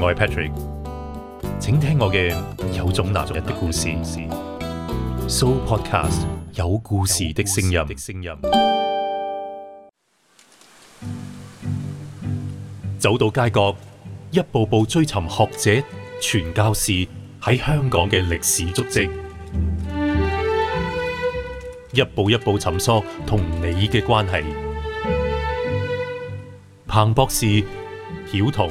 我係 Patrick，請聽我嘅有種男人的故事。So Podcast 有故事的聲音。的聲音走到街角，一步步追尋學者、傳教士喺香港嘅歷史足跡，一步一步尋索同你嘅關係。彭博士曉彤。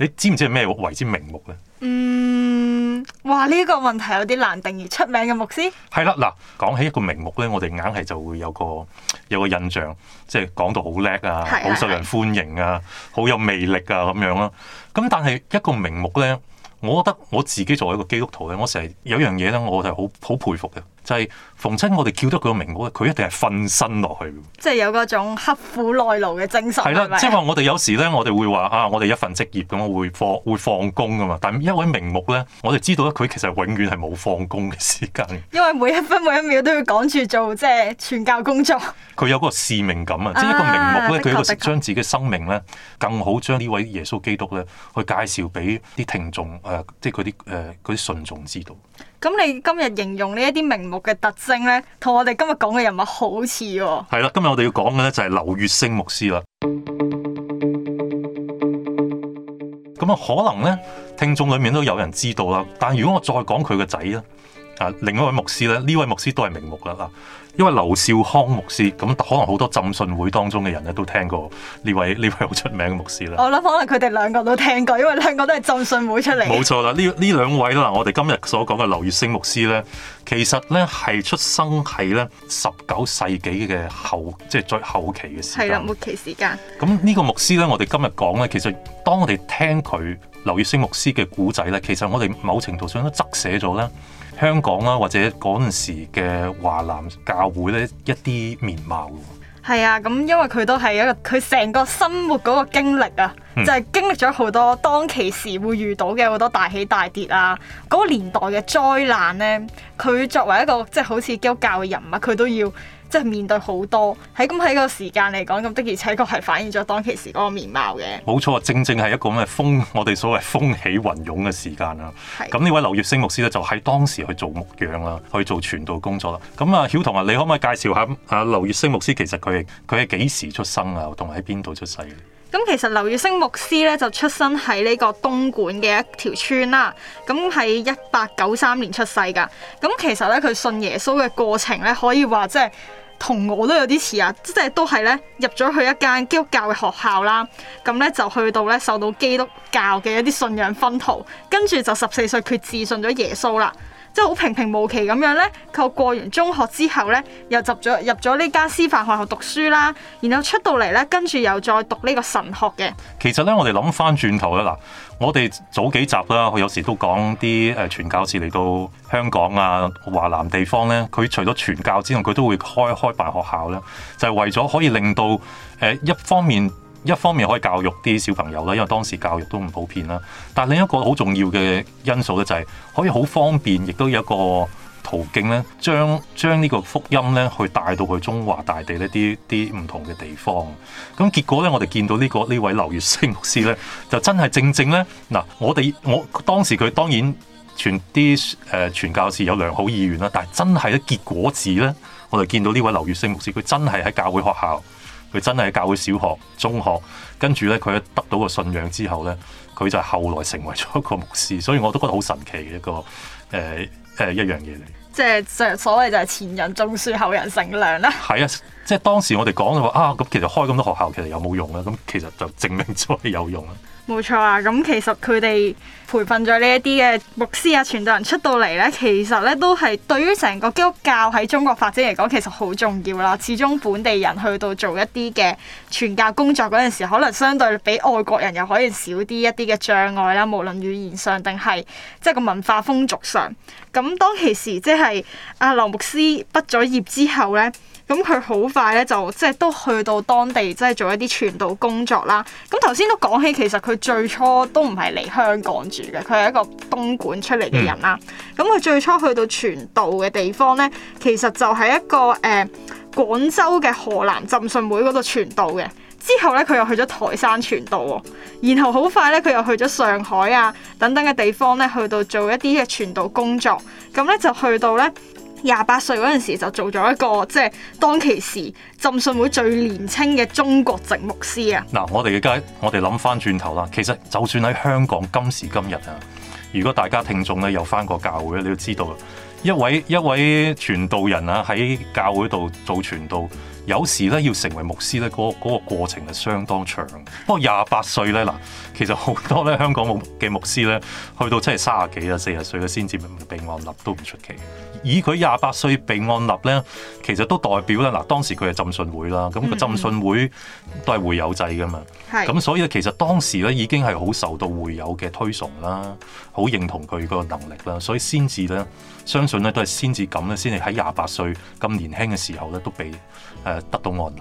你知唔知係咩為之名牧咧？嗯，哇！呢、這個問題有啲難定而出名嘅牧師係啦，嗱，講起一個名牧咧，我哋硬係就會有個有個印象，即係講到好叻啊，好受人歡迎啊，的好有魅力啊咁樣咯。咁、嗯、但係一個名牧咧，我覺得我自己作為一個基督徒咧，我成日有一樣嘢咧，我就係好好佩服嘅。就係，逢親我哋叫得佢個名目，佢一定係瞓身落去。即係有嗰種刻苦耐勞嘅精神。係啦吧，即係話我哋有時咧，我哋會話啊，我哋一份職業咁樣會放會放工噶嘛。但係一位名目咧，我哋知道咧，佢其實永遠係冇放工嘅時間。因為每一分每一秒都要趕住做即係傳教工作。佢 有個使命感啊，即係一個名目咧，佢一個識將自己嘅生命咧，更好將呢位耶穌基督咧去介紹俾啲聽眾誒，即係啲誒嗰啲信眾知道。咁你今日形容呢一啲名目嘅特徵呢，同我哋今日講嘅人物好似喎。係啦，今日我哋要講嘅呢，就係劉月星牧師啦。咁啊，可能呢，聽眾裏面都有人知道啦。但係如果我再講佢個仔咧。另一位牧師咧，呢位牧師都係名牧啦，因為劉少康牧師，咁可能好多浸信會當中嘅人咧都聽過呢位呢位好出名嘅牧師啦。我諗可能佢哋兩個都聽過，因為兩個都係浸信會出嚟。冇錯啦，兩呢呢兩位啦，我哋今日所講嘅劉月星牧師咧，其實咧係出生喺咧十九世紀嘅後，即係最後期嘅時間，係啦，末期時間。咁呢個牧師咧，我哋今日講咧，其實當我哋聽佢劉月星牧師嘅古仔咧，其實我哋某程度上都執寫咗咧。香港啦、啊，或者嗰陣時嘅華南教會咧一啲面貌。係啊，咁、嗯、因為佢都係一個佢成個生活嗰個經歷啊，嗯、就係經歷咗好多當其時會遇到嘅好多大起大跌啊，嗰、嗰個年代嘅災難咧，佢作為一個即係、就係、好似基督教嘅人物，佢都要。即係面對好多喺咁喺個時間嚟講，咁的而且確係反映咗當其時嗰個面貌嘅。冇錯，正正係一個咁嘅風，我哋所謂風起雲湧嘅時間啦。咁呢是位劉月星牧師咧，就喺當時去做牧養啦，去做傳道工作啦。咁啊，曉彤啊，你可唔可以介紹下啊？劉月星牧師其實佢係佢係幾時出生啊？同埋喺邊度出世？咁其實劉月星牧師咧就出生喺呢個東莞嘅一條村啦，咁喺一八九三年出世噶。咁其實咧佢信耶穌嘅過程咧可以話即係同我有、就是、都有啲似啊，即係都係咧入咗去一間基督教嘅學校啦，咁咧就去到咧受到基督教嘅一啲信仰薰陶。跟住就十四歲決志信咗耶穌啦。即係好平平無奇咁樣呢。佢過完中學之後呢，又入咗入咗呢間師範學校讀書啦，然後出到嚟呢，跟住又再讀呢個神學嘅。其實呢，我哋諗翻轉頭啦，嗱，我哋早幾集啦，佢有時都講啲誒傳教士嚟到香港啊、華南地方呢。佢除咗傳教之外，佢都會開開辦學校呢，就係、是、為咗可以令到誒、呃、一方面。一方面可以教育啲小朋友啦，因為當時教育都唔普遍啦。但另一個好重要嘅因素咧、就是，就係可以好方便，亦都有一個途徑咧，將將呢個福音咧，去帶到去中華大地呢啲啲唔同嘅地方。咁結果咧，我哋見到呢、呢個呢位劉月星牧師咧，就真係正正咧，嗱，我哋我當時佢當然傳啲誒傳教士有良好意願啦，但係真係咧結果子咧，我哋見到呢位劉月星牧師，佢真係喺教會學校。佢真係教會小學、中學，跟住咧佢得到個信仰之後咧，佢就係後來成為咗一個牧師，所以我都覺得好神奇嘅一個誒誒、呃呃、一樣嘢嚟。即係所謂就係前人種樹，後人乘涼啦。係啊。即係當時我哋講嘅話啊，咁其實開咁多學校其實有冇用呢？咁其實就證明咗有用啦。冇錯啊，咁其實佢哋培訓咗呢一啲嘅牧師啊、傳道人出到嚟呢，其實呢都係對於成個基督教喺中國發展嚟講，其實好重要啦。始終本地人去到做一啲嘅傳教工作嗰陣時，可能相對比外國人又可以少啲一啲嘅障礙啦，無論語言上定係即係個文化風俗上。咁當其時即係阿劉牧師畢咗業之後呢。咁佢好快咧，就即係都去到當地，即係做一啲傳道工作啦。咁頭先都講起，其實佢最初都唔係嚟香港住嘅，佢係一個東莞出嚟嘅人啦。咁佢、嗯、最初去到傳道嘅地方咧，其實就係一個誒廣、呃、州嘅河南浸信會嗰度傳道嘅。之後咧，佢又去咗台山傳道，然後好快咧，佢又去咗上海啊等等嘅地方咧，去到做一啲嘅傳道工作。咁咧就去到咧。廿八歲嗰陣時就做咗一個即係、就是、當其時浸信會最年輕嘅中國籍牧師啊！嗱，我哋而家，我哋諗翻轉頭啦。其實就算喺香港今時今日啊，如果大家聽眾咧又翻過教會，你都知道一位一位傳道人啊喺教會度做傳道。有時咧要成為牧師咧，嗰、那、嗰個過程係相當長。不過廿八歲咧，嗱，其實好多咧香港嘅牧師咧，去到即係卅幾啊、四十歲嘅先至被按立都唔出奇。以佢廿八歲被按立咧，其實都代表咧嗱，當時佢係浸信會啦，咁浸信會都係會友制㗎嘛。咁、mm. 所以其實當時咧已經係好受到會友嘅推崇啦，好認同佢個能力啦，所以先至咧相信咧都係先至咁咧，先至喺廿八歲咁年輕嘅時候咧都被。誒得到安諗，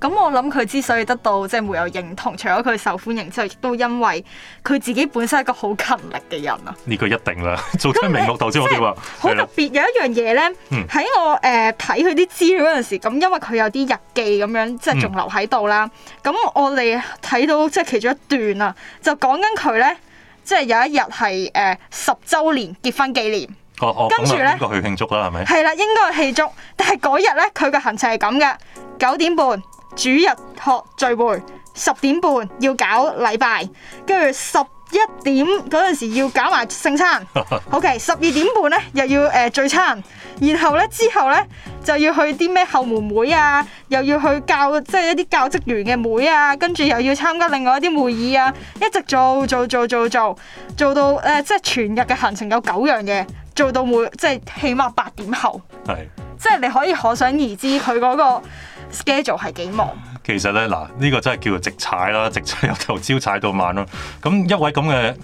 咁我諗佢之所以得到即係沒有認同，除咗佢受歡迎之外，亦都因為佢自己本身係一個好勤力嘅人啊！呢個一定啦，做出嚟名目頭先你我哋話好特別，有一樣嘢咧，喺、嗯、我誒睇佢啲資料嗰陣時，咁、嗯、因為佢有啲日記咁樣，即係仲留喺度啦。咁、嗯、我哋睇到即係其中一段啊，就講緊佢咧，即係有一日係誒十週年結婚紀念。哦哦、跟住咧，應該去慶祝啦，係咪？係啦，應該去慶祝。但係嗰日咧，佢嘅行程係咁嘅：九點半主日學聚會，十點半要搞禮拜，跟住十一點嗰陣時要搞埋聖餐。 ok，十二點半咧又要誒、呃、聚餐，然後咧之後咧就要去啲咩後門會啊，又要去教即係、就是、一啲教職員嘅會啊，跟住又要參加另外一啲會議啊，一直做做做做做做到誒、呃，即係全日嘅行程有九樣嘢。做到每即係起碼八點後，係的即係你可以可想而知佢嗰個 schedule 係幾忙。其實咧嗱，呢、呢個真係叫做直踩啦，直踩由朝踩到晚啦。咁一位咁嘅，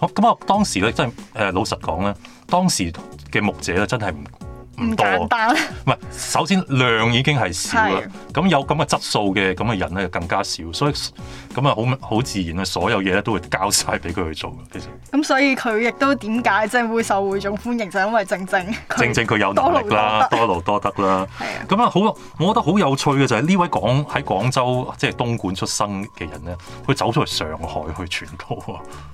咁啊當時咧真係誒、呃、老實講啦，當時嘅牧者咧真係唔唔簡單。唔係，首先量已經係少啦，咁的有咁嘅質素嘅咁嘅人咧更加少，所以咁啊好好自然啦，所有嘢咧都會交晒俾佢去做嘅其實。咁所以佢亦都點解即係會受會眾歡迎，就係、因為正正正正佢有能力啦，多勞多得啦。係啊 的，咁啊好，我覺得好有趣嘅就係呢位講喺廣州即係東莞出生嘅人咧，佢走出嚟上海去傳道。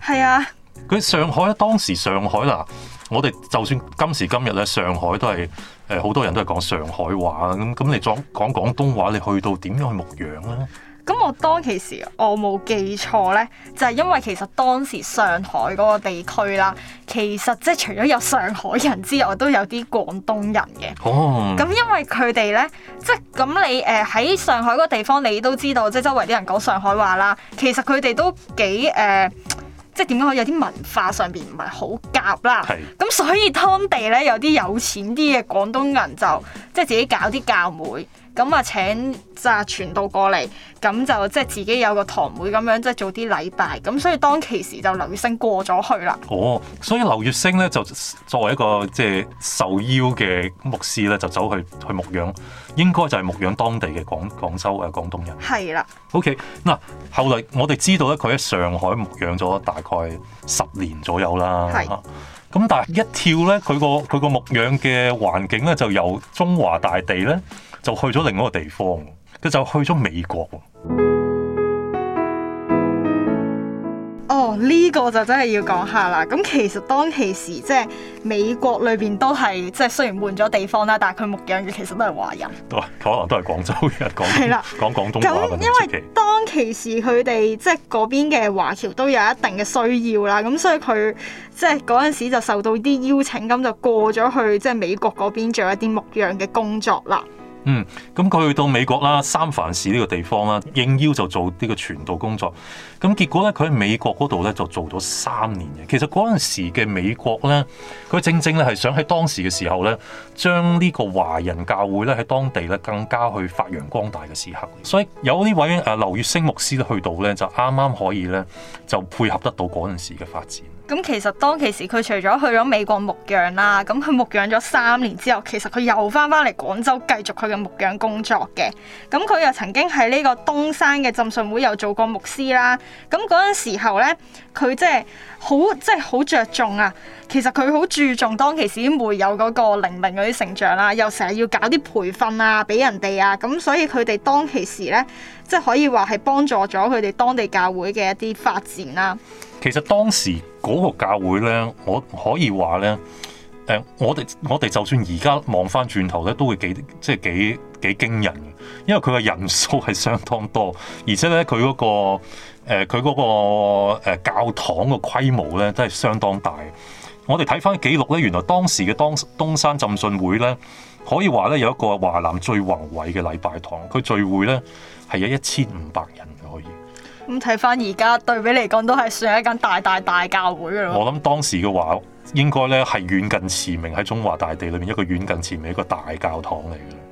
係 啊、嗯，佢的上海啊，當時上海嗱。我哋就算今時今日咧，上海都係誒好多人都係講上海話啊！咁咁你講講廣東話，你去到點樣去牧養咧？咁我當其時我冇記錯咧，就係、是、因為其實當時上海嗰個地區啦，其實即係除咗有上海人之外，都有啲廣東人嘅。哦。咁因為佢哋咧，即係咁你誒喺、呃、上海嗰地方，你都知道即係、就是、周圍啲人講上海話啦。其實佢哋都幾誒。呃即係點講好？有啲文化上邊唔係好夾啦，咁是所以當地呢，有啲有錢啲嘅廣東人就即係自己搞啲教會。咁啊，就請就傳道過嚟，咁就即係自己有個堂妹咁樣，即係做啲禮拜咁，所以當其時就劉月星過咗去啦。哦，所以劉月星咧就作為一個即係受邀嘅牧師咧，就走去去牧養，應該就係牧養當地嘅廣廣州誒廣東人。係啦了。O.K. 嗱，後來我哋知道咧，佢喺上海牧養咗大概十年左右啦。係是。咁但係一跳咧，佢個佢個牧養嘅環境咧，就由中華大地咧。就去咗另外一個地方，佢就去咗美國哦，呢、呢個就真係要講下啦。咁其實當其時，即係美國裏邊都係即係雖然換咗地方啦，但係佢牧養嘅其實都係華人，可能都係廣州人講係啦，廣 的講廣東話，因為當其時佢哋即係嗰邊嘅華僑都有一定嘅需要啦，咁所以佢即係嗰陣時就受到啲邀請，咁就過咗去即係美國嗰邊做一啲牧養嘅工作啦。嗯，咁佢去到美國啦，三藩市呢個地方啦，應邀就做呢個傳道工作。咁結果咧，佢喺美國嗰度咧就做咗三年嘅。其實嗰陣時嘅美國咧，佢正正咧係想喺當時嘅時候咧，將呢個華人教會咧喺當地咧更加去發揚光大嘅時刻。所以有呢位誒劉月星牧師去到咧，就啱啱可以咧就配合得到嗰陣時嘅發展。咁其實當其時，佢除咗去咗美國牧養啦，咁佢牧養咗三年之後，其實佢又返返嚟廣州繼續佢嘅牧養工作嘅。咁佢又曾經喺呢個東山嘅浸信會又做過牧師啦。咁嗰陣時候咧，佢即係好即係好着重啊。其實佢好注重當其時啲會有嗰個靈命嗰啲成長啦，又成日要搞啲培訓啊，俾人哋啊。咁所以佢哋當其時咧，即係可以話係幫助咗佢哋當地教會嘅一啲發展啦、啊。其實當時嗰個教會咧，我可以話咧，誒、呃，我哋我哋就算而家望翻轉頭咧，都會幾即係幾幾驚人嘅，因為佢嘅人數係相當多，而且咧佢嗰個佢嗰個、呃、呃、教堂嘅規模咧真係相當大。我哋睇翻記錄咧，原來當時嘅東東山浸信會咧，可以話咧有一個華南最宏偉嘅禮拜堂，佢聚會咧係有一千五百人可以。咁睇翻而家對比嚟講，都係算係一間大大大教會咯。我諗當時嘅話，應該咧係遠近馳名，喺中華大地裏面，一個遠近馳名，一個大教堂嚟嘅。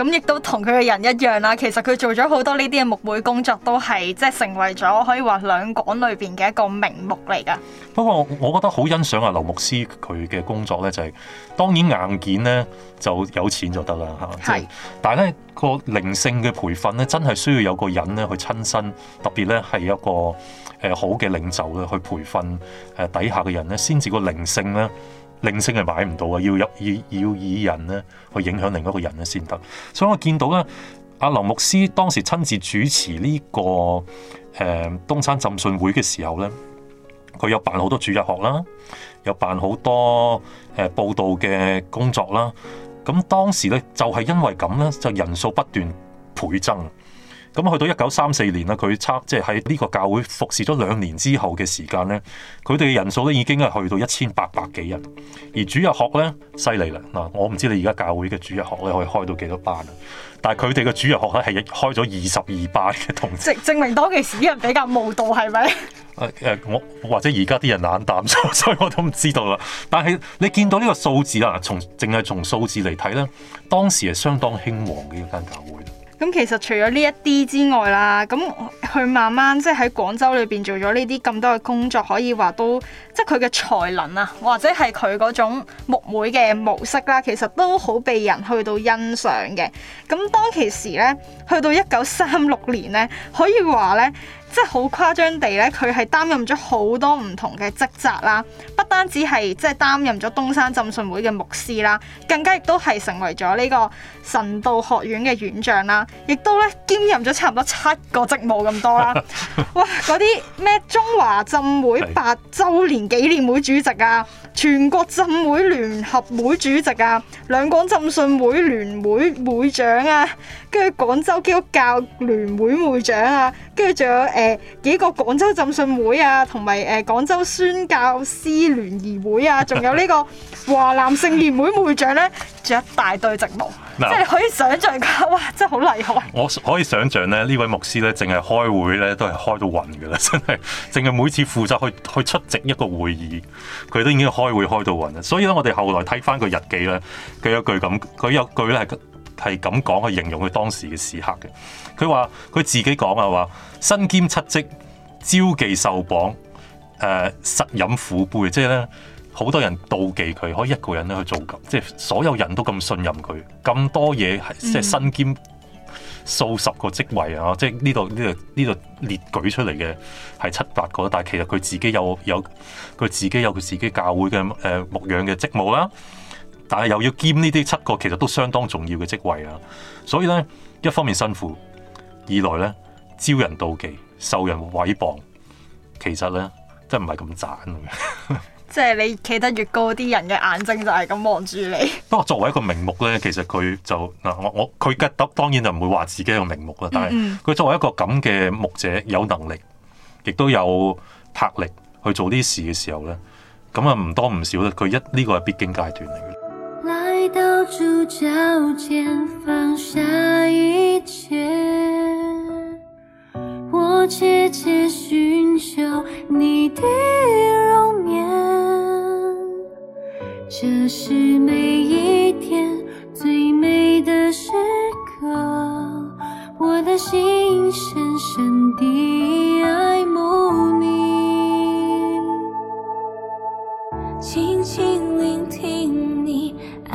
咁亦都同佢嘅人一樣啦。其實，佢做咗好多呢啲嘅牧會工作，都係即係成為咗可以話兩港裏邊嘅一個名牧嚟噶。不過我，我覺得好欣賞啊，劉牧師佢嘅工作咧，就係、是、當然硬件咧就有錢就得啦吓，係、啊，就是、是但係咧、那個靈性嘅培訓咧，真係需要有個人咧去親身，特別咧係一個誒、呃、好嘅領袖咧去培訓誒底下嘅人咧，先至個靈性咧。靈性係買唔到啊！要入要要以人咧去影響另一個人咧先得，所以我見到咧，阿林牧師當時親自主持呢、這個誒、呃、東山浸信會嘅時候咧，佢有辦好多主日學啦，有辦好多誒、呃、佈道嘅工作啦，咁當時咧就係、是、因為咁咧，就人數不斷倍增。咁去到一九三四年啦，佢測即係喺呢個教會服侍咗兩年之後嘅時間呢，佢哋嘅人數呢已經係去到一千八百幾人，而主日學呢，犀利啦嗱，我唔知你而家教會嘅主日學咧可以開到幾多班啊？但係佢哋嘅主日學呢，係亦開咗二十二班嘅同志證。證明當其時啲人比較慕道係咪？誒、呃、我或者而家啲人冷淡，所以我都唔知道啦。但係你見到呢個數字啦，從淨係從數字嚟睇呢，當時係相當興旺嘅一間教會。咁其實除咗呢一啲之外啦，咁佢慢慢即係喺廣州裏邊做咗呢啲咁多嘅工作，可以話都即係佢嘅才能啊，或者係佢嗰種木妹嘅模式啦，啊，其實都好被人去到欣賞嘅。咁當其時咧，去到一九三六年咧，可以話咧。即係好誇張地咧，佢係擔任咗好多唔同嘅職責啦，不單止係即係擔任咗東山浸信會嘅牧師啦，更加亦都係成為咗呢個神道學院嘅院長啦，亦都咧兼任咗差唔多七個職務咁多啦。哇！嗰啲咩中華浸會八周年紀念會主席啊，全國浸會聯合會主席啊，兩廣浸信會聯會會,會長啊，跟住廣州基督教聯會會,會長啊，跟住仲有誒，幾個廣州浸信會啊，同埋誒廣州宣教師聯誼會啊，仲有個華呢個華南聖賢會會長咧，做一大堆職務。Now, 即係你可以想象噶，哇，真係好厲害！我可以想象咧，呢位牧師咧，淨係開會咧，都係開到暈噶啦，真係淨係每次負責去去出席一個會議，佢都已經開會開到暈啦。所以咧，我哋後來睇翻個日記咧，佢有句咁，佢有句咧。係咁講去形容佢當時嘅時刻嘅，佢話佢自己講啊，話身兼七職，招忌受謗，誒、呃、實飲苦杯，即係咧好多人妒忌佢，可以一個人咧去做咁，即、就、係、是、所有人都咁信任佢，咁多嘢係即係身兼數十個職位啊！即係呢度呢度呢度列舉出嚟嘅係七八個，但係其實佢自己有有佢自己有佢自己教會嘅誒、呃、牧養嘅職務啦。但係又要兼呢啲七個，其實都相當重要嘅職位啊。所以咧，一方面辛苦，二來咧招人妒忌、受人毀謗，其實咧真係唔係咁賺 即係你企得越高，啲人嘅眼睛就係咁望住你。 不過作為一個名目咧，其實佢就嗱我我佢嘅當然就唔會話自己係個名目啊，但係佢作為一個咁嘅牧者，有能力亦都有魄力去做啲事嘅時候咧，咁啊唔多唔少啦。佢一呢、呢個係必經階段嚟嘅。來到主腳前，放下一切，我切切尋求你的容顏。這是每一天最美的時刻，我的心深深的愛慕你，輕輕聆聽。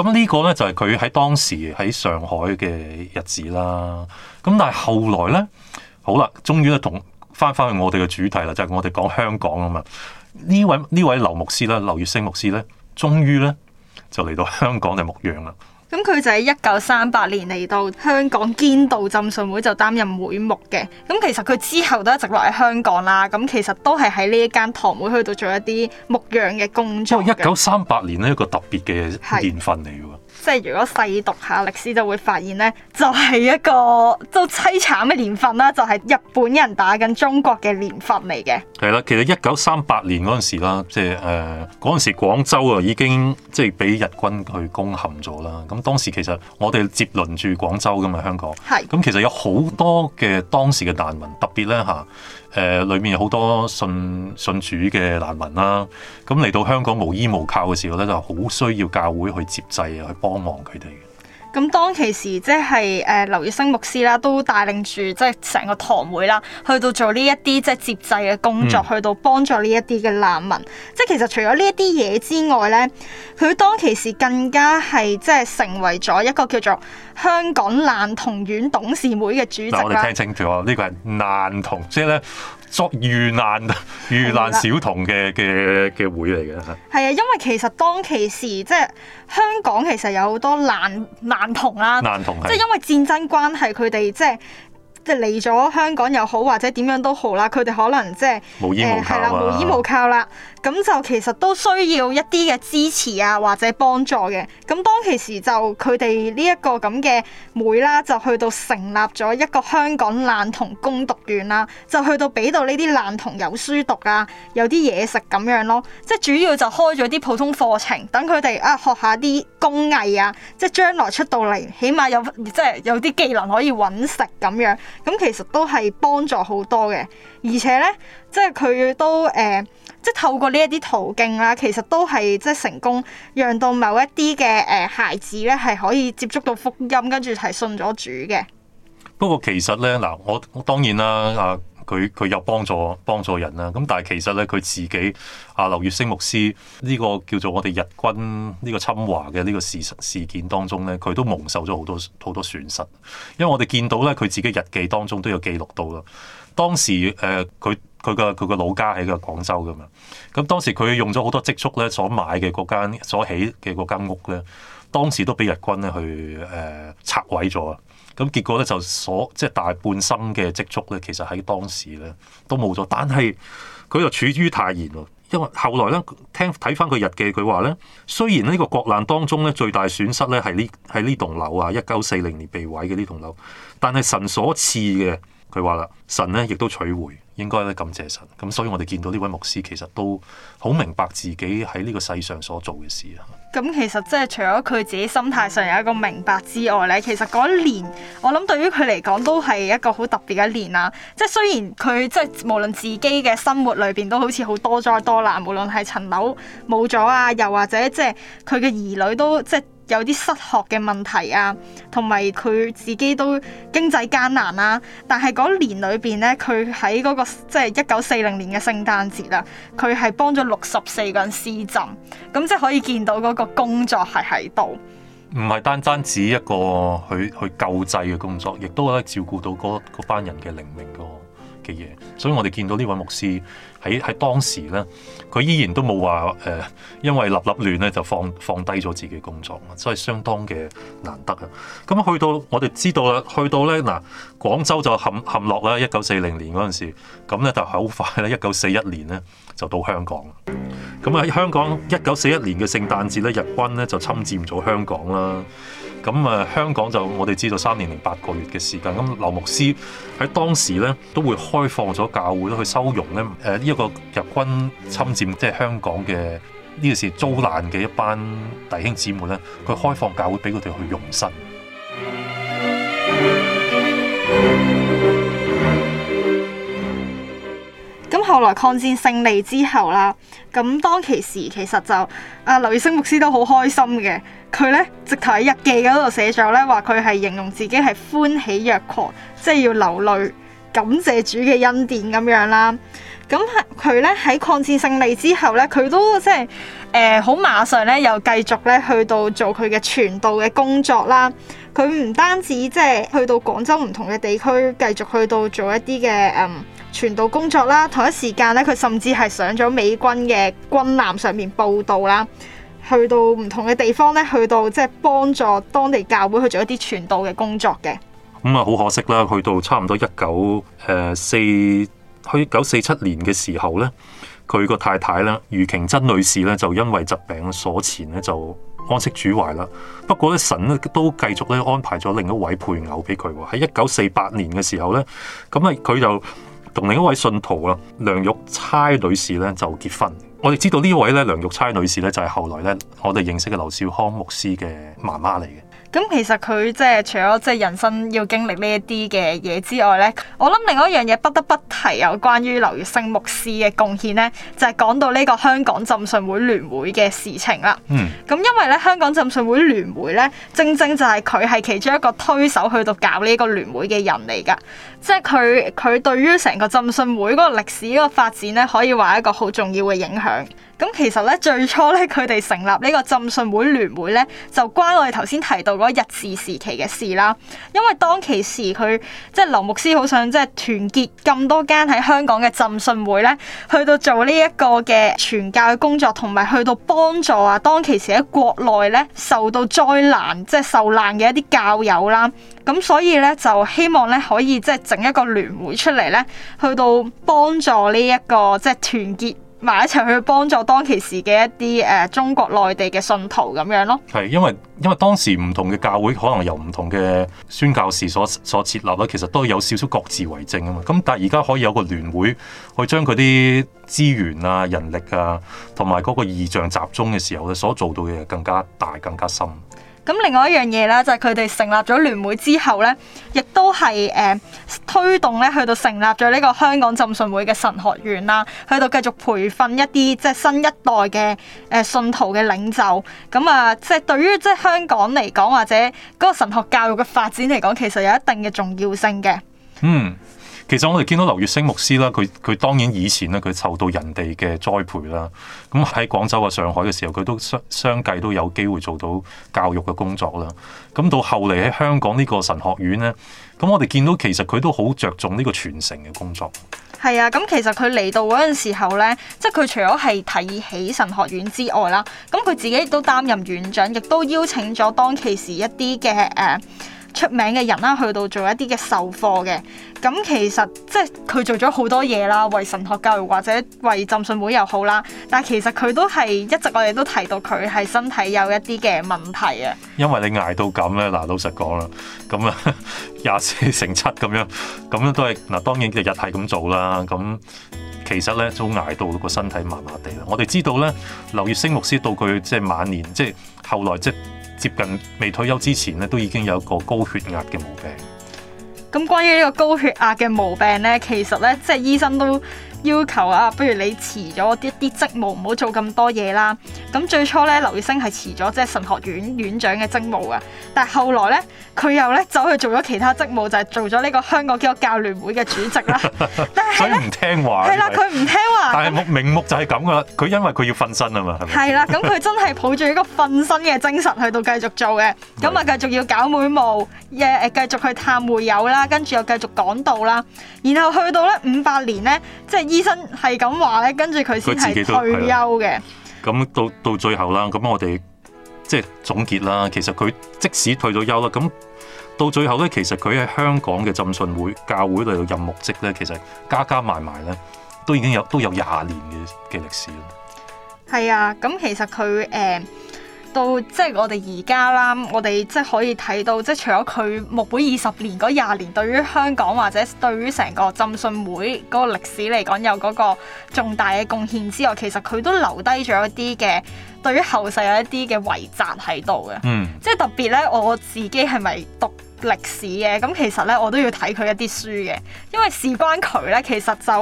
咁、嗯，這個、呢個咧就係佢喺當時喺上海嘅日子啦。咁、嗯、但係後來咧，好啦，終於咧同翻返去我哋嘅主題啦，就係，是，我哋講香港啊嘛。呢位呢位劉牧師咧，劉月星牧師咧，終於咧就嚟到香港嘅牧養啦。咁佢就喺一九三八年嚟到香港堅道浸信會就擔任會牧嘅，咁其實佢之後都一直落喺香港啦，咁其實都係喺呢一間堂會去到做一啲牧養嘅工作。因為一九三八年咧一個特別嘅年份嚟。即係如果細讀下歷史就會發現呢就係、是、一個都淒慘嘅年份啦，就係、是、日本人打緊中國嘅年份嚟嘅。係啦，其實一九三八年嗰陣時啦，即係誒嗰陣時廣州啊已經即係俾日軍去攻陷咗啦。咁當時其實我哋接鄰住廣州㗎嘛，香港。係是。咁其實有好多嘅當時嘅難民，特別呢。嚇、啊。誒、呃、裏面有好多信信主嘅難民啦、啊，咁、嗯、嚟到香港無依無靠嘅時候咧，就好需要教會去接濟啊，去幫忙佢哋。嘅。咁當其時、就是，即係誒劉月生牧師啦，都帶領住即係成個堂會啦，去到做呢一啲即係接濟嘅工作，去到幫助呢一啲嘅難民。即係、嗯、其實除咗呢一啲嘢之外咧，佢當其時更加係即係成為咗一個叫做香港難童院董事會嘅主席啦。我哋聽清楚，呢、這個係難童，即係咧。作遇難遇難小童嘅嘅嘅會嚟嘅嚇，係啊，因為其實當其時即係香港其實有好多難難童啦，難童即係因為戰爭關係，佢哋即係即係嚟咗香港又好，或者點樣都好啦，佢哋可能即係冇依冇靠啊，冇依冇靠啦。咁就其實都需要一啲嘅支持啊，或者幫助嘅。咁當其時就佢哋呢一個咁嘅妹啦，就去到成立咗一個香港難童工讀院啦，啊，就去到俾到呢啲難童有書讀啊，有啲嘢食咁樣咯。即係主要就開咗啲普通課程，等佢哋啊學一下啲工藝啊，即係將來出到嚟，起碼有即係有啲技能可以揾食咁樣。咁其實都係幫助好多嘅，而且呢，即係佢都誒。呃即透過呢一啲途徑啦，其實都係即係成功讓到某一啲嘅誒孩子咧係可以接觸到福音，跟住係信咗主嘅。不過其實咧嗱，我當然啦，阿佢佢有幫助幫助人啦。咁但係其實咧，佢自己阿劉月星牧師呢個叫做我哋日軍呢個侵華嘅呢個事事件當中咧，佢都蒙受咗好多好多損失，因為我哋見到咧佢自己日記當中都有記錄到啦。當時誒佢佢個佢個老家喺個廣州咁樣，咁當時佢用咗好多積蓄咧，所買嘅嗰間所起嘅嗰間屋咧，當時都俾日軍咧去誒、呃、拆毀咗。咁結果咧就所即係大半生嘅積蓄咧，其實喺當時咧都冇咗。但係佢又處於泰然喎，因為後來咧聽睇翻佢日記，佢話咧，雖然呢個國難當中咧最大損失咧係呢係呢棟樓啊，一九四零年被毀嘅呢棟樓，但係神所賜嘅。佢話啦，神咧亦都取回，應該咧感謝神。咁所以我哋見到呢位牧師其實都好明白自己喺呢個世上所做嘅事啊。咁其實即係除咗佢自己心態上有一個明白之外咧，其實嗰一年我諗對於佢嚟講都係一個好特別嘅一年啦啊。即係雖然佢即係無論自己嘅生活裏邊都好似好多災多難，無論係層樓冇咗啊，又或者即係佢嘅兒女都即係。有啲失學嘅問題啊，同埋佢自己都經濟艱難啦、啊。但係嗰年裏邊呢，佢喺嗰個即係一九四零年嘅聖誕節啦、啊，佢係幫咗六十四個人施浸，咁即係可以見到嗰個工作係喺度。唔係單單止一個佢去，去救濟嘅工作，亦都可以照顧到嗰班人嘅靈命。嘅嘢，所以我哋見到呢位牧師喺喺當時呢，佢依然都冇話誒，因為立立亂呢就放放低咗自己工作，真係相當嘅難得啊！咁去到我哋知道啦，去到呢，嗱，廣州就陷陷落啦，一九四零年嗰陣時，咁呢就好快咧，一九四一年呢就到香港，咁喺香港一九四一年嘅聖誕節呢，日軍呢就侵佔咗香港啦。咁啊、嗯，香港就我哋知道三年零八個月嘅時間，咁，劉牧師喺當時咧都會開放咗教會去收容咧誒呢一個日軍侵佔即係香港嘅呢個時候遭難嘅一班弟兄姊妹咧，佢開放教會俾佢哋去容身。後來抗戰勝利之後啦，咁當其時其實就阿、啊、劉易斯牧師都好開心嘅，佢咧直頭喺日記嗰度寫咗咧話佢係形容自己係歡喜若狂，即係要流淚感謝主嘅恩典咁樣啦。咁佢咧喺抗戰勝利之後咧，佢都即係誒好馬上咧又繼續咧去到做佢嘅傳道嘅工作啦。佢唔單止即係去到廣州唔同嘅地區繼續去到做一啲嘅嗯。傳道工作啦，同一時間咧，佢甚至係上咗美軍嘅軍艦上面報道啦，去到唔同嘅地方咧，去到即係幫助當地教會去做一啲傳道嘅工作嘅。咁啊、嗯，好可惜啦，去到差唔多一九誒四去一九四七年嘅時候咧，佢個太太咧，余瓊珍女士咧，就因為疾病所纏咧，就安息主懷啦。不過咧，神呢都繼續咧安排咗另一位配偶俾佢喎。喺一九四八年嘅時候咧，咁啊，佢就。同另一位信徒啊梁玉釵女士咧就結婚。我哋知道呢位咧，梁玉釵女士咧就係後來咧，我哋認識嘅劉少康牧師嘅媽媽嚟嘅。咁其實佢即係除咗即係人生要經歷呢一啲嘅嘢之外咧，我諗另外一樣嘢不得不提有關於劉粵聲牧師嘅貢獻咧，就係講到呢個香港浸信會聯會嘅事情啦。嗯。咁因為咧，香港浸信會聯會咧，正正就係佢係其中一個推手去到搞呢個聯會嘅人嚟噶。即係佢佢對於成個浸信會嗰個歷史嗰個發展咧，可以話係一個好重要嘅影響。咁其實咧，最初咧佢哋成立呢個浸信會聯會咧，就關我哋頭先提到嗰日治時期嘅事啦。因為當其時佢即係劉牧師好想即係團結咁多間喺香港嘅浸信會咧，去到做呢一個嘅傳教嘅工作，同埋去到幫助啊當其時喺國內咧受到災難即係受難嘅一啲教友啦。咁、嗯、所以咧，就希望咧可以即係整一個聯會出嚟咧，去到幫助呢、這、一個即係團結埋一齊去幫助當其時嘅一啲誒、呃、中國內地嘅信徒咁樣咯。係因為因為當時唔同嘅教會可能由唔同嘅宣教士所所設立啦，其實都有少少各自為政啊嘛。咁但係而家可以有個聯會去將佢啲資源啊、人力啊同埋嗰個異象集中嘅時候咧，所做到嘅更加大、更加深。咁另外一樣嘢咧，就係佢哋成立咗聯會之後咧，亦都係誒、呃、推動咧去到成立咗呢個香港浸信會嘅神學院啦，去到繼續培訓一啲即係新一代嘅誒、呃、信徒嘅領袖。咁啊，即係對於即係香港嚟講，或者嗰個神學教育嘅發展嚟講，其實有一定嘅重要性嘅。嗯。其實我哋見到劉月星牧師啦，佢佢當然以前咧佢受到人哋嘅栽培啦。咁喺廣州啊、上海嘅時候，佢都相相繼都有機會做到教育嘅工作啦。咁到後嚟喺香港呢個神學院呢，咁我哋見到其實佢都好着重呢個傳承嘅工作。係啊，咁、嗯、其實佢嚟到嗰陣時候呢，即係佢除咗係提起神學院之外啦，咁佢自己亦都擔任院長，亦都邀請咗當其時一啲嘅誒。呃出名嘅人啦，去到做一啲嘅授課嘅，咁其實即係佢做咗好多嘢啦，為神學教育或者為浸信會又好啦，但係其實佢都係一直我哋都提到佢係身體有一啲嘅問題啊。因為你挨到咁咧，嗱，老實講啦，咁啊廿四乘七咁樣咁樣都係嗱，當然日日係咁做啦。咁其實咧，都挨到個身體麻麻地啦。我哋知道咧，劉月星牧師到佢即係晚年，即係後來即接近未退休之前咧，都已經有一個高血壓嘅毛病。咁關於呢個高血壓嘅毛病呢，其實呢，即係醫生都要求啊，不如你辭咗一啲職務，唔好做咁多嘢啦。咁最初咧，劉宇星係辭咗即係神學院院長嘅職務啊。但係後來咧，佢又咧走去做咗其他職務，就係做咗呢個香港嘅教聯會嘅主席啦。但係咧，佢唔聽話，係啦，佢唔聽話。但係目名目就係咁噶啦。佢因為佢要瞓身啊嘛。係啦，咁佢真係抱住一個瞓身嘅精神去到繼續做嘅。咁啊，繼續要搞會務，誒誒，繼續去探會友啦，跟住又繼續講道啦。然後去到咧五百年咧，即係。醫生係咁話咧，跟住佢先係退休嘅。咁到到最後啦，咁我哋即係總結啦。其實佢即使退咗休啦，咁到最後咧，其實佢喺香港嘅浸信會教會度任牧職咧，其實加加埋埋咧，都已經有都有廿年嘅嘅歷史咯。係啊，咁其實佢誒。呃到即係我哋而家啦，我哋即係可以睇到，即係除咗佢木本二十年嗰廿年，年對於香港或者對於成個浸信會嗰個歷史嚟講有嗰個重大嘅貢獻之外，其實佢都留低咗一啲嘅對於後世有一啲嘅遺澤喺度嘅。嗯，即係特別咧，我自己係咪讀歷史嘅？咁其實咧，我都要睇佢一啲書嘅，因為事關佢咧，其實就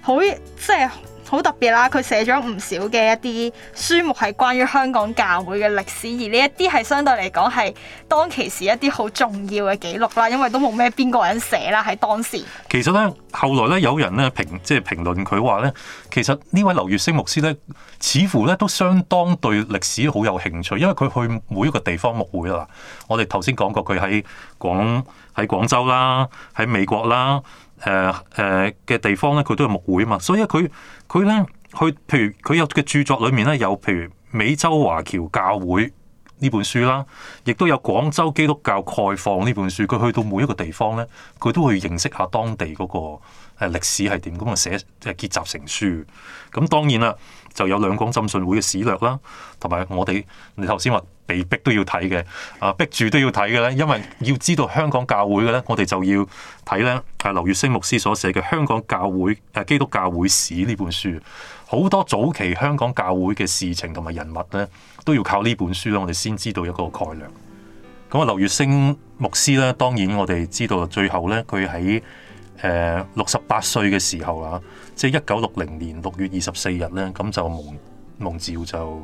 好即係。好特別啦，佢寫咗唔少嘅一啲書目係關於香港教會嘅歷史，而呢一啲係相對嚟講係當其時一啲好重要嘅記錄啦，因為都冇咩邊個人寫啦喺當時。其實呢，後來呢，有人呢評，即係評論佢話呢，其實呢位劉月星牧師呢，似乎呢都相當對歷史好有興趣，因為佢去每一個地方牧會啦。我哋頭先講過佢喺廣喺廣州啦，喺美國啦。誒誒嘅地方咧，佢都係牧會啊嘛，所以佢佢咧去，譬如佢有嘅著作裏面咧，有譬如美洲華僑教會呢本書啦，亦都有廣州基督教概況呢本書，佢去到每一個地方咧，佢都會認識下當地嗰個誒歷史係點咁啊，寫誒結集成書，咁、嗯、當然啦。就有兩廣浸信會嘅史略啦，同埋我哋，你頭先話被逼都要睇嘅，啊逼住都要睇嘅咧，因為要知道香港教會嘅咧，我哋就要睇咧，係、啊、劉月星牧師所寫嘅《香港教會誒、啊、基督教會史》呢本書，好多早期香港教會嘅事情同埋人物咧，都要靠呢本書咯，我哋先知道一個概略。咁啊，劉月星牧師咧，當然我哋知道最後咧，佢喺誒六十八歲嘅時候啊。即係一九六零年六月二十四日咧，咁就蒙蒙召就誒、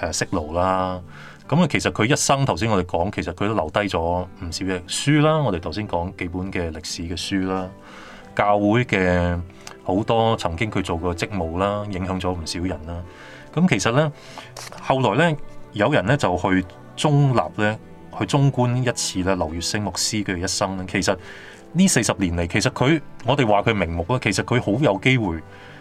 呃、息勞啦。咁、嗯、啊，其實佢一生頭先我哋講，其實佢都留低咗唔少嘅書啦。我哋頭先講幾本嘅歷史嘅書啦，教會嘅好多曾經佢做過嘅職務啦，影響咗唔少人啦。咁、嗯、其實咧，後來咧有人咧就去中立咧，去中觀一次咧，劉月星牧師嘅一生咧，其實。呢四十年嚟，其實佢我哋話佢明目啦，其實佢好有機會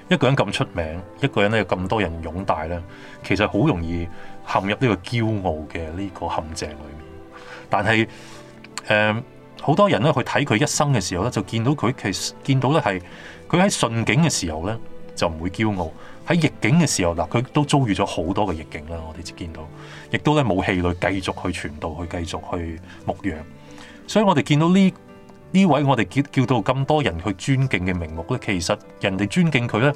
一個人咁出名，一個人咧又咁多人擁戴咧，其實好容易陷入呢個驕傲嘅呢個陷阱裏面。但係誒，好、呃、多人咧去睇佢一生嘅時候咧，就見到佢其實見到咧係佢喺順境嘅時候咧就唔會驕傲，喺逆境嘅時候嗱，佢都遭遇咗好多嘅逆境啦。我哋見到，亦都咧冇氣餒，繼續去傳道，去繼續去牧養。所以我哋見到呢。呢位我哋叫叫到咁多人去尊敬嘅名目咧，其實人哋尊敬佢咧，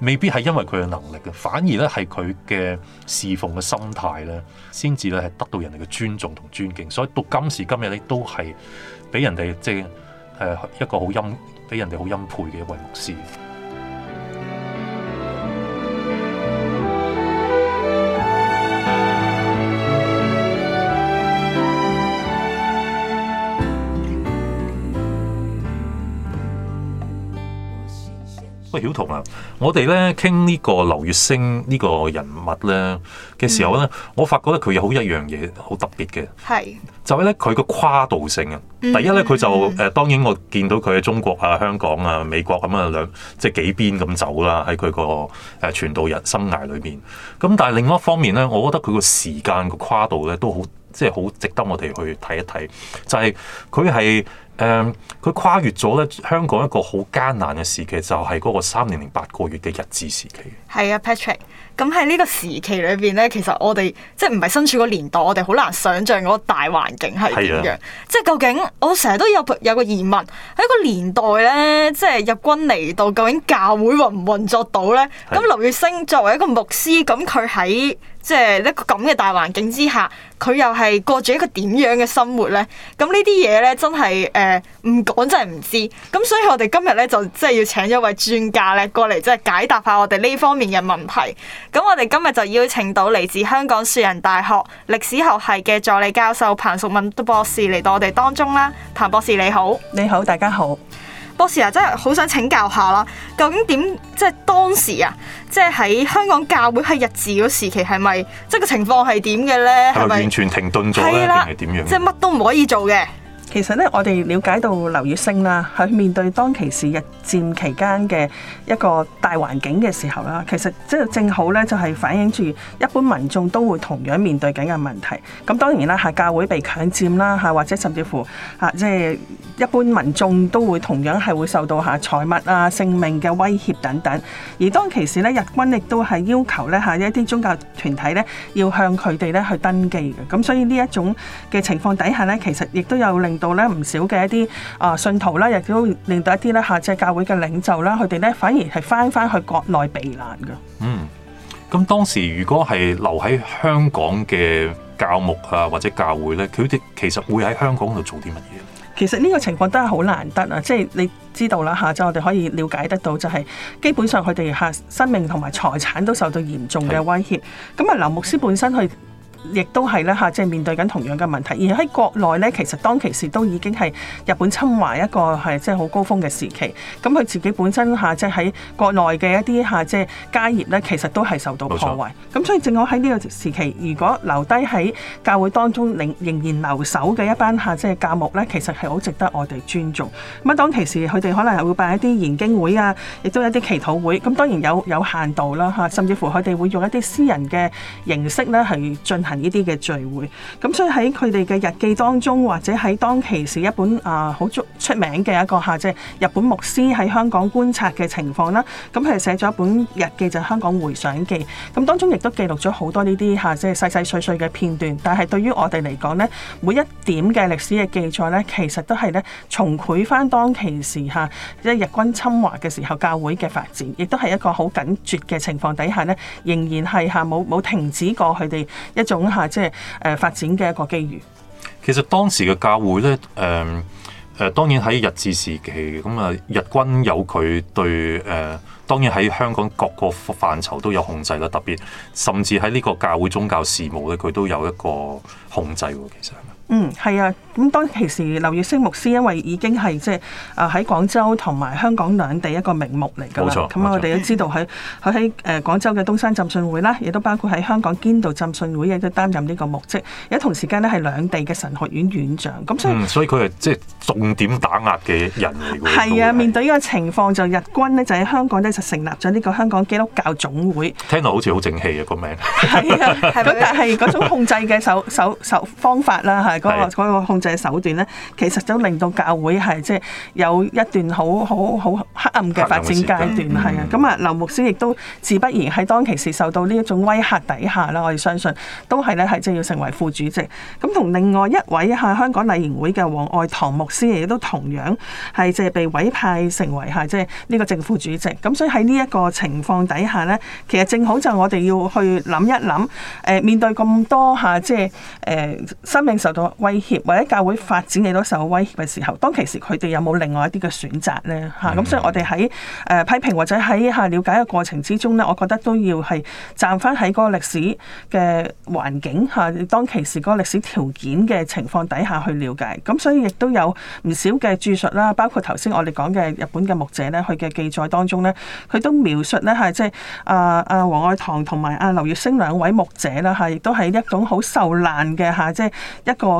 未必係因為佢嘅能力嘅，反而咧係佢嘅侍奉嘅心態咧，先至咧係得到人哋嘅尊重同尊敬。所以到今時今日咧，都係俾人哋即係誒一個好欽俾人哋好欽佩嘅一位牧師。喂，曉彤啊，我哋咧傾呢個劉月星呢個人物咧嘅時候咧，嗯、我發覺咧佢有好一樣嘢，好特別嘅，係是就係咧佢個跨度性啊。第一咧，佢就誒、嗯呃、當然我見到佢喺中國啊、香港啊、美國咁啊兩即係幾邊咁走啦，喺佢個誒傳道人生涯裏邊。咁但係另外一方面咧，我覺得佢個時間個跨度咧都好。即係好值得我哋去睇一睇，就係佢係誒佢跨越咗咧香港一個好艱難嘅時期，就係、是、嗰個三年零八個月嘅日治時期。係啊，Patrick。咁喺呢個時期裏邊咧，其實我哋即係唔係身處個年代，我哋好難想象嗰個大環境係點樣。的即係究竟我成日都有有個疑問，喺個年代咧，即係日軍嚟到，究竟教會運唔運作到咧？咁劉月星作為一個牧師，咁佢喺。即係一個咁嘅大環境之下，佢又係過住一個點樣嘅生活呢？咁呢啲嘢呢，真係誒唔講真係唔知。咁所以我哋今日呢，就即係要請一位專家呢過嚟，即係解答下我哋呢方面嘅問題。咁我哋今日就邀請到嚟自香港樹仁大學歷史學系嘅助理教授彭淑敏博士嚟到我哋當中啦。彭博士，你好，你好，大家好。博士啊，真係好想請教下啦，究竟點即係當時啊，即係喺香港教會喺日治嗰時期係咪即係個情況係點嘅咧？係咪完全停頓咗咧，定係點樣？即係乜都唔可以做嘅。其實咧，我哋了解到劉月星啦，佢面對當其時日佔期間嘅一個大環境嘅時候啦，其實即係正好咧，就係反映住一般民眾都會同樣面對緊嘅問題。咁當然啦，嚇教會被強佔啦，嚇或者甚至乎嚇即係一般民眾都會同樣係會受到嚇財物啊、性命嘅威脅等等。而當其時咧，日軍亦都係要求咧嚇一啲宗教團體咧要向佢哋咧去登記嘅。咁所以呢一種嘅情況底下咧，其實亦都有令到咧唔少嘅一啲啊信徒啦，亦都令到一啲咧下州教會嘅領袖啦，佢哋咧反而係翻翻去國內避難嘅。嗯，咁當時如果係留喺香港嘅教牧啊或者教會咧，佢哋其實會喺香港度做啲乜嘢？其實呢個情況都係好難得啊！即係你知道啦，下州我哋可以了解得到，就係基本上佢哋吓生命同埋財產都受到嚴重嘅威脅。咁啊的，劉牧師本身去。亦都係咧嚇，即係面對緊同樣嘅問題。而喺國內咧，其實當其時都已經係日本侵華一個係即係好高峰嘅時期。咁佢自己本身嚇，即係喺國內嘅一啲嚇即係家業咧，其實都係受到破壞。咁冇錯。所以正好喺呢個時期，如果留低喺教會當中仍然留守嘅一班嚇即係教牧咧，其實係好值得我哋尊重。咁當其時佢哋可能係會辦一啲研經會啊，亦都有一啲祈禱會。咁當然有有限度啦嚇，甚至乎佢哋會用一啲私人嘅形式咧係進行。呢啲嘅聚會，咁所以喺佢哋嘅日記當中，或者喺當其時一本啊好出出名嘅一個嚇即係日本牧師喺香港觀察嘅情況啦，咁佢寫咗一本日記就《香港回想記》，咁當中亦都記錄咗好多呢啲嚇即係細細碎碎嘅片段，但係對於我哋嚟講咧，每一點嘅歷史嘅記載咧，其實都係咧重繪返當其時嚇即係日軍侵華嘅時候教會嘅發展，亦都係一個好緊絕嘅情況底下咧，仍然係嚇冇冇停止過佢哋一種。等下即係誒發展嘅一個機遇。其實當時嘅教會咧，誒、呃、誒、呃，當然喺日治時期咁啊、嗯，日軍有佢對誒、呃，當然喺香港各個範疇都有控制啦，特別甚至喺呢個教會宗教事務咧，佢都有一個控制。其實。嗯，係啊，咁當其時劉粵聲牧師因為已經係即係誒喺廣州同埋香港兩地一個名牧嚟㗎啦。冇錯。咁啊，我哋都知道佢佢喺誒廣州嘅東山浸信會啦，亦都包括喺香港堅道浸信會亦都擔任呢個牧職，而同時間咧係兩地嘅神學院院長，咁，所以，所以佢係即係重點打壓嘅人嚟㗎。係啊，面對呢個情況就日軍咧就喺香港咧就成立咗呢個香港基督教總會，聽落好似好正氣啊個名字。係啊，係咯， 但係嗰種控制嘅手手手，手，手，手，手，手方法啦嚇。嗰個嗰個控制手段咧，其實都令到教會係即係有一段好好好黑暗嘅發展階段，係啊！咁啊，劉牧師亦都自不然喺當其時受到呢一種威嚇底下啦，我哋相信都係咧係即係要成為副主席。咁同另外一位嚇香港禮賢會嘅黃愛棠牧師亦都同樣係即係被委派成為嚇即係呢個正副主席。咁所以喺呢一個情況底下咧，其實正好就我哋要去諗一諗，誒面對咁多嚇即係誒生命受到威脅或者教會發展亦都受威脅嘅時候，當其時佢哋有冇另外一啲嘅選擇呢？嚇咁、mm，hmm. 所以我哋喺誒批評或者喺嚇瞭解嘅過程之中呢，我覺得都要係站翻喺嗰個歷史嘅環境嚇，當其時嗰個歷史條件嘅情況底下去了解。咁所以亦都有唔少嘅注述啦，包括頭先我哋講嘅日本嘅牧者呢，佢嘅記載當中呢，佢都描述呢，嚇、啊，即係啊啊黃愛堂同埋阿劉月星兩位牧者啦，係亦都係一種好受難嘅嚇，即、啊、係一個。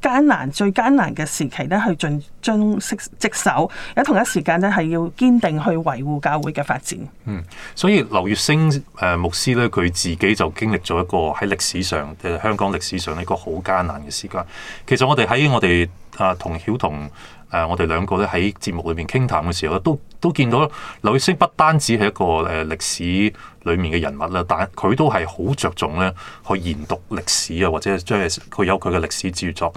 艱難最艱難嘅時期咧，去盡忠職職守；有同一時間咧，係要堅定去維護教會嘅發展。嗯，所以劉月星誒牧師咧，佢自己就經歷咗一個喺歷史上嘅香港歷史上一個好艱難嘅時間。其實我哋喺我哋啊同曉同誒我哋兩個咧喺節目裏面傾談嘅時候，都都見到劉月星不單止係一個誒歷史裏面嘅人物啦，但佢都係好着重咧去研讀歷史啊，或者係將佢有佢嘅歷史著作。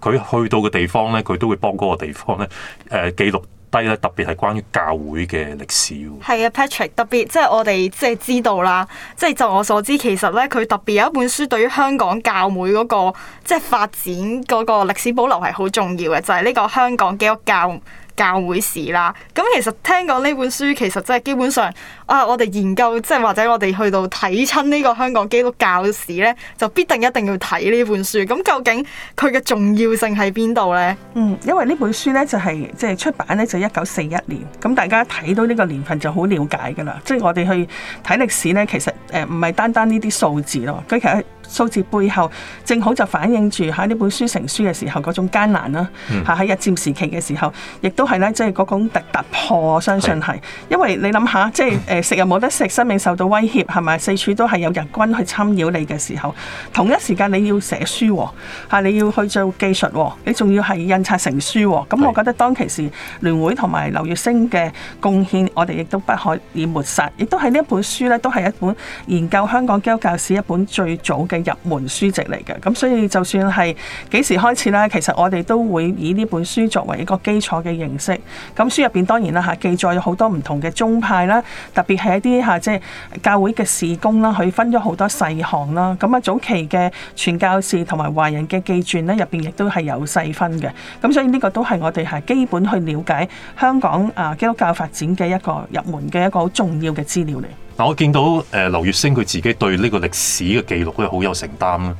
佢去到嘅地方咧，佢都會幫嗰個地方咧，誒、呃、記錄低咧，特別係關於教會嘅歷史。係啊，Patrick 特別即係我哋即係知道啦，即係就我所知，其實咧佢特別有一本書對於香港教會嗰、那個即係發展嗰個歷史保留係好重要嘅，就係、是、呢個香港基督教。教會史啦，咁其實聽講呢本書其實真係基本上啊，我哋研究即係或者我哋去到睇親呢個香港基督教史呢，就必定一定要睇呢本書。咁究竟佢嘅重要性喺邊度呢？嗯，因為呢本書呢，就係即係出版呢，就一九四一年，咁大家睇到呢個年份就好了解噶啦。即係我哋去睇歷史呢，其實誒唔係單單呢啲數字咯，佢其實。數字背後，正好就反映住喺呢本書成書嘅時候嗰種艱難啦、啊。嚇喺日佔時期嘅時候，亦都係咧，即係嗰種突突破，我相信係。是因為你諗下，即係誒食又冇得食，生命受到威脅，係咪？四處都係有日軍去侵擾你嘅時候，同一時間你要寫書、啊，嚇、啊、你要去做技術、啊，你仲要係印刷成書、啊。咁我覺得當其時聯會同埋劉月星嘅貢獻，我哋亦都不可以抹殺。亦都係呢一本書咧，都係一本研究香港基督教史一本最早嘅入門書籍嚟嘅，咁所以就算係幾時開始咧，其實我哋都會以呢本書作為一個基礎嘅認識。咁書入邊當然啦，吓，記載有好多唔同嘅宗派啦，特別係一啲吓，即係教會嘅事工啦，佢分咗好多細項啦。咁、啊，早期嘅傳教士同埋華人嘅記傳咧，入邊亦都係有細分嘅。咁所以呢個都係我哋係基本去了解香港啊，基督教發展嘅一個入門嘅一個好重要嘅資料嚟。嗱，我見到誒、呃、劉月星佢自己對呢個歷史嘅記錄都好有承擔啦、啊。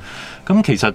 咁、嗯、其實誒、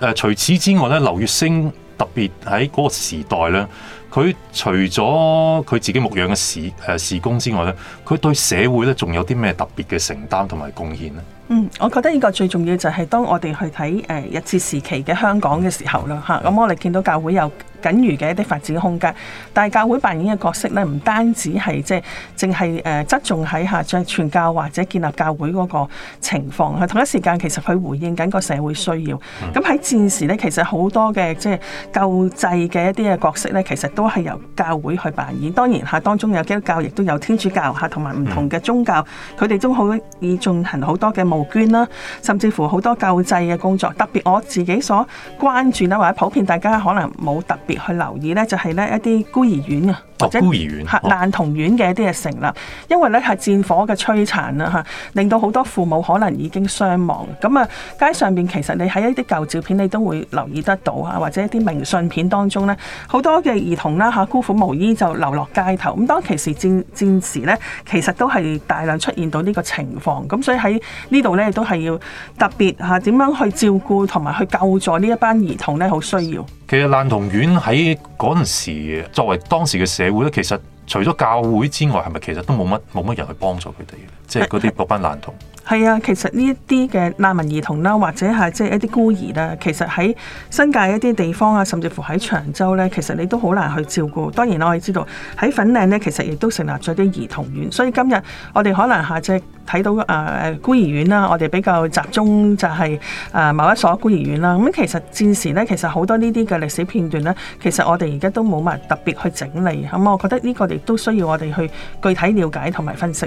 呃、除此之外咧，劉月星特別喺嗰個時代咧，佢除咗佢自己牧養嘅事誒事工之外咧，佢對社會咧仲有啲咩特別嘅承擔同埋貢獻咧？嗯，我覺得呢個最重要就係當我哋去睇誒、呃、日治時期嘅香港嘅時候啦，吓、啊，咁我哋見到教會有僅餘嘅一啲發展空間，但係教會扮演嘅角色咧，唔單止係即係淨係誒側重喺嚇即係傳教或者建立教會嗰個情況，係同一時間其實佢回應緊個社會需要。咁喺戰時咧，其實好多嘅即係救濟嘅一啲嘅角色咧，其實都係由教會去扮演。當然吓、啊、當中有基督教，亦都有天主教吓、啊、同埋唔同嘅宗教，佢哋、嗯、都可以進行好多嘅務捐啦，甚至乎好多救濟嘅工作，特別我自己所關注啦，或者普遍大家可能冇特別去留意呢，就係呢一啲孤兒院啊，或者孤兒院吓難童院嘅一啲嘅成立，因為呢係戰火嘅摧殘啦吓，令到好多父母可能已經傷亡。咁啊，街上面其實你喺一啲舊照片，你都會留意得到啊，或者一啲明信片當中呢，好多嘅兒童啦吓，孤苦無依就流落街頭。咁當其時戰戰時呢，其實都係大量出現到呢個情況。咁所以喺呢度咧，都係要特別吓，點樣去照顧同埋去救助呢一班兒童咧，好需要。其實難童院喺嗰陣時，作為當時嘅社會咧，其實除咗教會之外，係咪其實都冇乜冇乜人去幫助佢哋？即係嗰啲嗰班難童。係啊，其實呢一啲嘅難民兒童啦，或者係即係一啲孤兒啦，其實喺新界一啲地方啊，甚至乎喺長洲咧，其實你都好難去照顧。當然我哋知道喺粉嶺咧，其實亦都成立咗啲兒童院。所以今日我哋可能下隻。睇到啊、呃，孤兒院啦，我哋比較集中就係、是、啊、呃、某一所孤兒院啦。咁其實戰時咧，其實好多呢啲嘅歷史片段咧，其實我哋而家都冇乜特別去整理。咁、嗯、我覺得呢個亦都需要我哋去具體了解同埋分析。